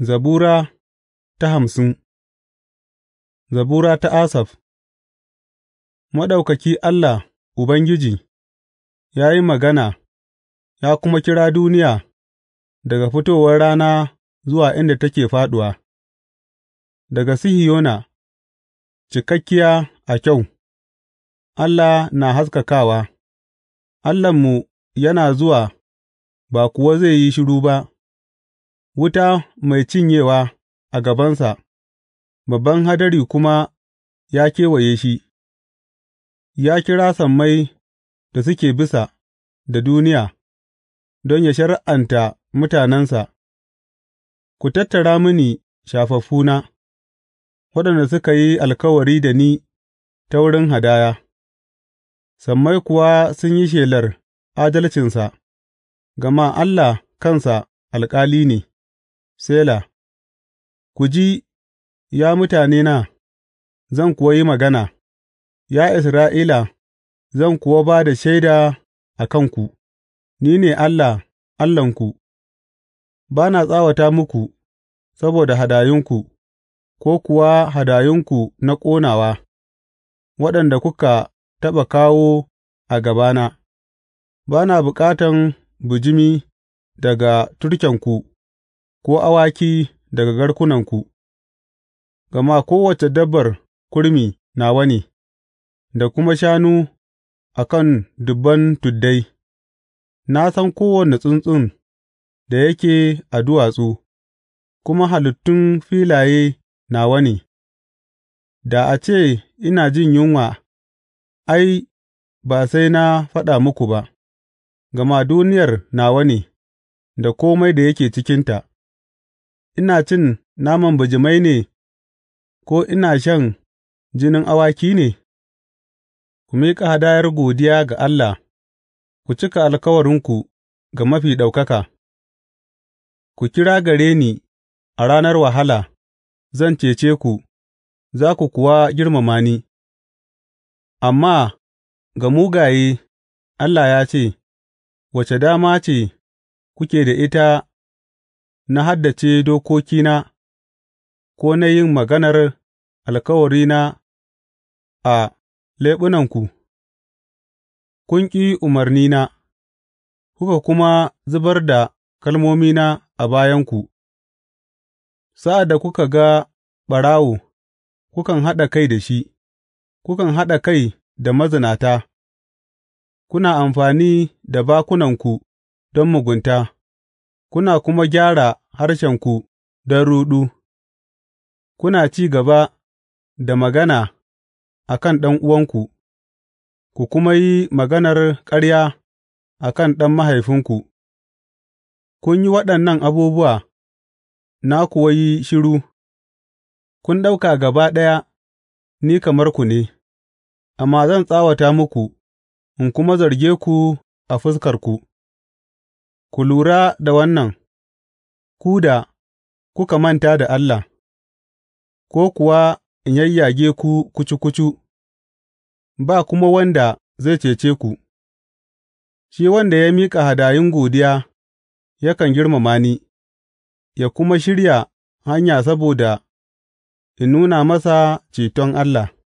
Zabura ta hamsin Zabura ta Asaf Maɗaukaki Allah Ubangiji ya yi magana ya kuma kira duniya daga fitowar rana zuwa inda take fāɗuwa, daga Sihiyona, cikakkiya a kyau, Allah na haskakawa, Allahnmu yana zuwa ba kuwa zai yi shiru ba. wuta mai cinyewa a gabansa, babban hadari kuma ya kewaye shi; ya kira sammai da suke bisa da duniya don ya shari'anta mutanensa, Ku tattara mini shafaffuna, waɗanda suka yi alkawari da ni ta wurin hadaya, sammai kuwa sun yi shelar adalcinsa, gama Allah kansa alƙali ne. Sela Ku ji, ya mutanena, zan kuwa yi magana; Ya Isra'ila, zan kuwa ba da shaida a kanku, Ni ne Allah, Allahnku, ba na tsawata muku saboda hadayunku, ko kuwa hadayunku na ƙonawa, waɗanda kuka taɓa kawo a gabana; ba na bukatan bijimi daga turkenku. ko awaki daga garkunanku, gama kowace dabbar kurmi nawa ne, da kuma shanu a kan dubban tuddai, na san kowane tsuntsun da yake a duwatsu, kuma halittun filaye nawa ne, da a ce ina jin yunwa, ai, ba sai na faɗa muku ba, gama duniyar nawa ne, da komai da yake cikinta. Ina cin naman bijimai ne ko ina shan jinin awaki ne? Ku miƙa hadayar godiya ga Allah, ku cika alkawarinku ga Mafi Ɗaukaka; ku kira gare ni a ranar wahala, zan cece ku, za ku kuwa girmama ni; amma ga mugaye Allah ya ce, Wace dama ce kuke da ita na haddace dokokina ko na yin maganar alkawarina a leɓunanku, kun ƙi umarnina, kuka kuma zubar da kalmomina a bayanku, sa'ad da kuka ga ɓarawo, kukan haɗa kai da shi, kukan haɗa kai da mazinata, kuna amfani da bakunanku don mugunta. kuna kuma gyara harshenku don ruɗu, kuna ci gaba da magana a kan ɗan'uwanku, ku kuma yi maganar ƙarya a kan ɗan mahaifinku, kun yi waɗannan abubuwa, na kuwa yi shiru, kun ɗauka gaba ɗaya ni kamar ku ne, amma zan tsawata muku in kuma zarge ku a fuskarku. Ku lura da wannan, ku da kuka manta da Allah, ko kuwa in yayyage ku kucu kucu, ba kuma wanda zai cece ku, shi wanda ya miƙa hadayun godiya yakan girmama ni, ya kuma shirya hanya saboda in nuna masa ceton Allah.